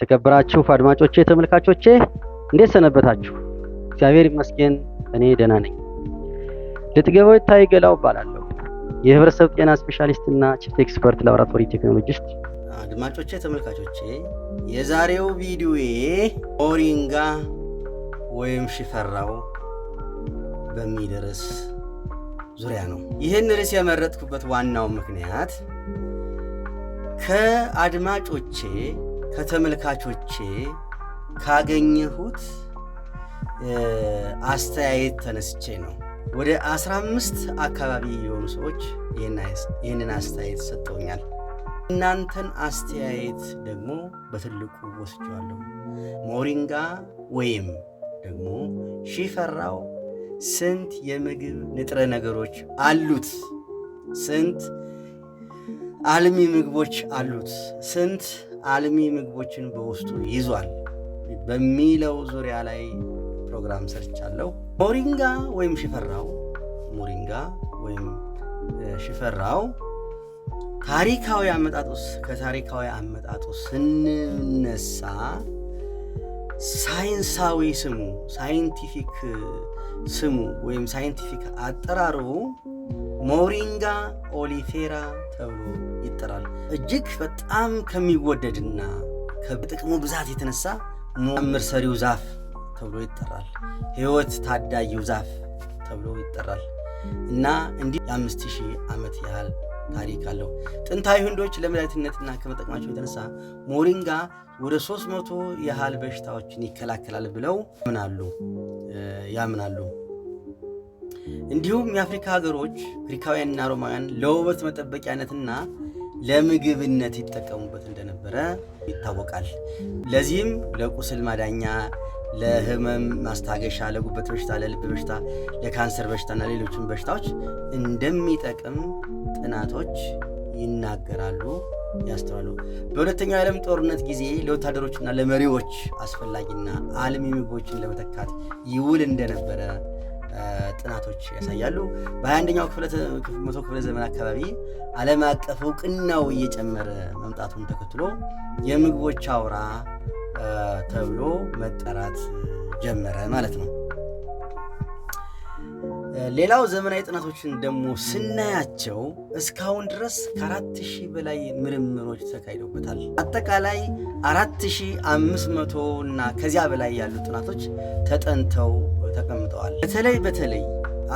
ተከብራችሁ አድማጮቼ፣ ተመልካቾቼ እንዴት ሰነበታችሁ? እግዚአብሔር ይመስገን እኔ ደህና ነኝ። ለጥገባዊ ታይ ገላው እባላለሁ የህብረተሰብ ጤና እና ቺፍ ኤክስፐርት ላቦራቶሪ ቴክኖሎጂስት። አድማጮቼ፣ ተመልካቾቼ የዛሬው ቪዲዮዬ ሞሪንጋ ወይም ሽፈራው በሚደርስ ዙሪያ ነው። ይህን ርዕስ የመረጥኩበት ዋናው ምክንያት ከአድማጮቼ ከተመልካቾቼ ካገኘሁት አስተያየት ተነስቼ ነው። ወደ 15 አካባቢ የሆኑ ሰዎች ይህንን አስተያየት ሰጠውኛል። እናንተን አስተያየት ደግሞ በትልቁ ወስጀዋለሁ። ሞሪንጋ ወይም ደግሞ ሺፈራው ስንት የምግብ ንጥረ ነገሮች አሉት? ስንት አልሚ ምግቦች አሉት? ስንት አልሚ ምግቦችን በውስጡ ይዟል በሚለው ዙሪያ ላይ ፕሮግራም ሰርቻለሁ። ሞሪንጋ ወይም ሽፈራው ሞሪንጋ ወይም ሽፈራው ታሪካዊ አመጣጡ ከታሪካዊ አመጣጡ ስንነሳ ሳይንሳዊ ስሙ ሳይንቲፊክ ስሙ ወይም ሳይንቲፊክ አጠራሩ ሞሪንጋ ኦሊፌራ ተብሎ ይጠራል። እጅግ በጣም ከሚወደድና ከጥቅሙ ብዛት የተነሳ ምር ሰሪው ዛፍ ተብሎ ይጠራል። ህይወት ታዳጊው ዛፍ ተብሎ ይጠራል እና እንዲህ የአምስት ሺህ ዓመት ያህል ታሪክ አለው። ጥንታዊ ህንዶች ለመድኃኒትነትና ከመጠቅማቸው የተነሳ ሞሪንጋ ወደ 300 ያህል በሽታዎችን ይከላከላል ብለው ያምናሉ። እንዲሁም የአፍሪካ ሀገሮች ግሪካውያንና ሮማውያን ለውበት መጠበቂያነትና ለምግብነት ይጠቀሙበት እንደነበረ ይታወቃል። ለዚህም ለቁስል ማዳኛ፣ ለህመም ማስታገሻ፣ ለጉበት በሽታ፣ ለልብ በሽታ፣ ለካንሰር በሽታና ሌሎችን በሽታዎች እንደሚጠቅም ጥናቶች ይናገራሉ፣ ያስተዋሉ። በሁለተኛው የዓለም ጦርነት ጊዜ ለወታደሮችና ለመሪዎች አስፈላጊና አልሚ ምግቦችን ለመተካት ይውል እንደነበረ ጥናቶች ያሳያሉ። በ21ኛው መቶ ክፍለ ዘመን አካባቢ ዓለም አቀፍ እውቅናው እየጨመረ መምጣቱን ተከትሎ የምግቦች አውራ ተብሎ መጠራት ጀመረ ማለት ነው። ሌላው ዘመናዊ ጥናቶችን ደግሞ ስናያቸው እስካሁን ድረስ ከአራት ሺህ በላይ ምርምሮች ተካሂደውበታል። አጠቃላይ አራት ሺህ አምስት መቶ እና ከዚያ በላይ ያሉ ጥናቶች ተጠንተው ተቀምጠዋል። በተለይ በተለይ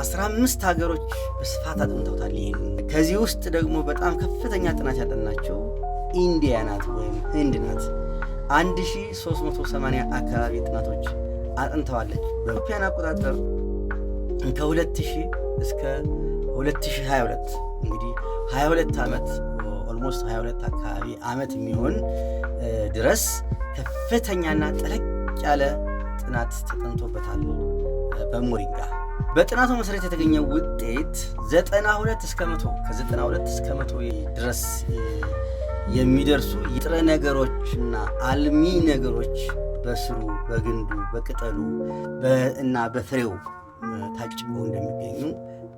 አስራ አምስት ሀገሮች በስፋት አጥንተውታል። ይህን ከዚህ ውስጥ ደግሞ በጣም ከፍተኛ ጥናት ያጠናቸው ኢንዲያ ናት ወይም ህንድ ናት። 1380 አካባቢ ጥናቶች አጥንተዋለች በኢትዮጵያን አቆጣጠር ከ2000 እስከ 2022 እንግዲህ 22 ዓመት ኦልሞስት 22 አካባቢ ዓመት የሚሆን ድረስ ከፍተኛና ጠለቅ ያለ ጥናት ተጠንቶበታል በሞሪንጋ። በጥናቱ መሰረት የተገኘው ውጤት 92 እስከ 100 ከ92 እስከ 100 ድረስ የሚደርሱ የጥረ ነገሮችና አልሚ ነገሮች በስሩ፣ በግንዱ፣ በቅጠሉ እና በፍሬው ታጭበው እንደሚገኙ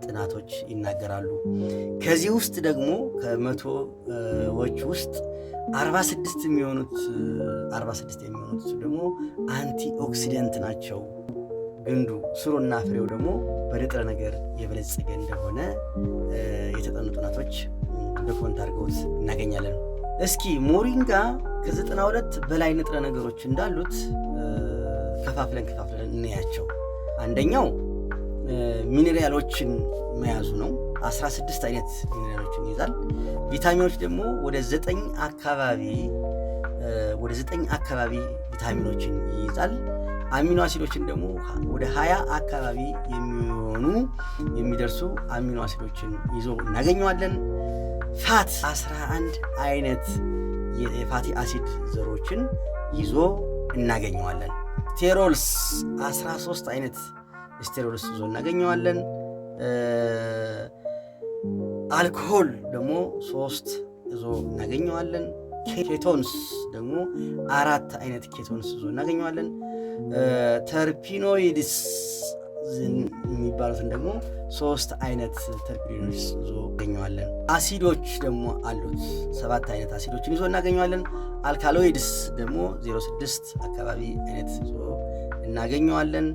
ጥናቶች ይናገራሉ። ከዚህ ውስጥ ደግሞ ከመቶዎች ውስጥ 46 የሚሆኑት 46 የሚሆኑት ደግሞ አንቲ ኦክሲደንት ናቸው። ግንዱ ስሩና ፍሬው ደግሞ በንጥረ ነገር የበለጸገ እንደሆነ የተጠኑ ጥናቶች በፎንት አድርገውት እናገኛለን። እስኪ ሞሪንጋ ከ ሁለት በላይ ንጥረ ነገሮች እንዳሉት ከፋፍለን ከፋፍለን እንያቸው። አንደኛው ሚኔራሎችን መያዙ ነው። 16 አይነት ሚኔራሎችን ይይዛል። ቪታሚኖች ደግሞ ወደ ዘጠኝ አካባቢ ወደ ዘጠኝ አካባቢ ቪታሚኖችን ይይዛል። አሚኖ አሲዶችን ደግሞ ወደ ሀያ አካባቢ የሚሆኑ የሚደርሱ አሚኖ አሲዶችን ይዞ እናገኘዋለን። ፋት 11 አይነት የፋቲ አሲድ ዘሮችን ይዞ እናገኘዋለን። ቴሮልስ 13 አይነት ስቴሮይድስ ይዞ እናገኘዋለን። አልኮሆል ደግሞ ሶስት ይዞ እናገኘዋለን። ኬቶንስ ደግሞ አራት አይነት ኬቶንስ ይዞ እናገኘዋለን። ተርፒኖይድስ የሚባሉትን ደግሞ ሶስት አይነት ተርፒኖይድስ እዞ እናገኘዋለን። አሲዶች ደግሞ አሉት ሰባት አይነት አሲዶችን ይዞ እናገኘዋለን። አልካሎይድስ ደግሞ 06 አካባቢ አይነት እዞ እናገኘዋለን።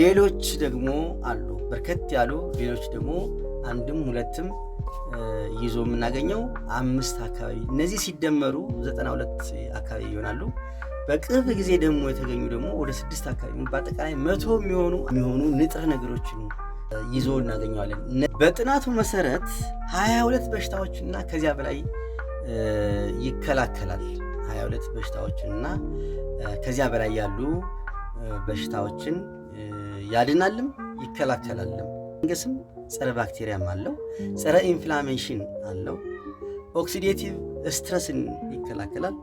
ሌሎች ደግሞ አሉ በርከት ያሉ ሌሎች ደግሞ አንድም ሁለትም ይዞ የምናገኘው አምስት አካባቢ እነዚህ ሲደመሩ ዘጠና ሁለት አካባቢ ይሆናሉ። በቅርብ ጊዜ ደግሞ የተገኙ ደግሞ ወደ ስድስት አካባቢ በአጠቃላይ መቶ የሚሆኑ የሚሆኑ ንጥረ ነገሮችን ይዞ እናገኘዋለን። በጥናቱ መሰረት ሀያ ሁለት በሽታዎችና ከዚያ በላይ ይከላከላል። ሀያ ሁለት በሽታዎችንና ከዚያ በላይ ያሉ በሽታዎችን ያድናልም ይከላከላልም። ፈንገስም ጸረ ባክቴሪያም አለው፣ ጸረ ኢንፍላሜሽን አለው። ኦክሲዴቲቭ ስትረስን ይከላከላል፣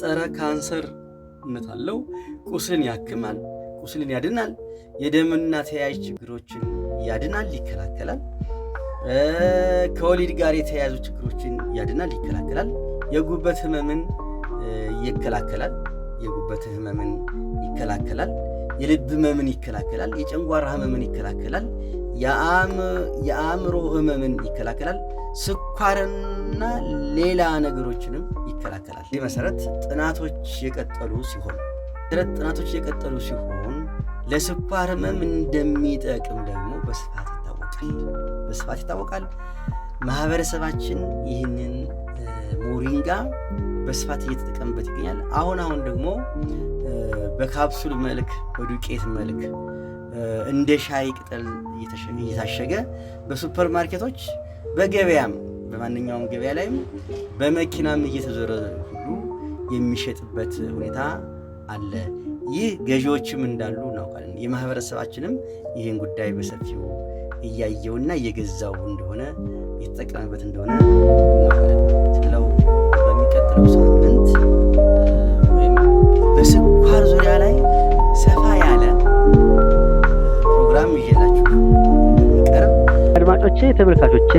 ጸረ ካንሰርነት አለው። ቁስልን ያክማል፣ ቁስልን ያድናል፣ የደምና ተያያዥ ችግሮችን ያድናል፣ ይከላከላል። ከወሊድ ጋር የተያያዙ ችግሮችን ያድናል፣ ይከላከላል። የጉበት ህመምን ይከላከላል፣ የጉበት ህመምን ይከላከላል። የልብ ህመምን ይከላከላል። የጨንጓራ ህመምን ይከላከላል። የአእምሮ ህመምን ይከላከላል። ስኳርና ሌላ ነገሮችንም ይከላከላል። ይህ መሰረት ጥናቶች የቀጠሉ ሲሆን መሰረት ጥናቶች የቀጠሉ ሲሆን ለስኳር ህመም እንደሚጠቅም ደግሞ በስፋት ይታወቃል በስፋት ይታወቃል። ማህበረሰባችን ይህንን ሞሪንጋ በስፋት እየተጠቀምበት ይገኛል። አሁን አሁን ደግሞ በካፕሱል መልክ በዱቄት መልክ እንደ ሻይ ቅጠል እየታሸገ በሱፐር ማርኬቶች በገበያም በማንኛውም ገበያ ላይም በመኪናም እየተዞረ ሁሉ የሚሸጥበት ሁኔታ አለ። ይህ ገዢዎችም እንዳሉ እናውቃለን። የማህበረሰባችንም ይህን ጉዳይ በሰፊው እያየውና እየገዛው እንደሆነ የተጠቀመበት እንደሆነ እናውቃለን። ስለው በሚቀጥለው ሰው ተመልካቾቼ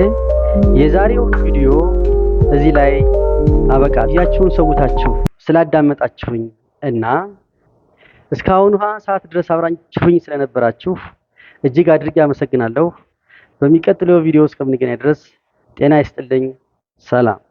የዛሬው ቪዲዮ እዚህ ላይ አበቃ። ጊዜያችሁን ሰውታችሁ ስላዳመጣችሁኝ እና እስካሁን ውሃ ሰዓት ድረስ አብራችሁኝ ስለነበራችሁ እጅግ አድርጌ አመሰግናለሁ። በሚቀጥለው ቪዲዮ እስከምንገናኝ ድረስ ጤና ይስጥልኝ። ሰላም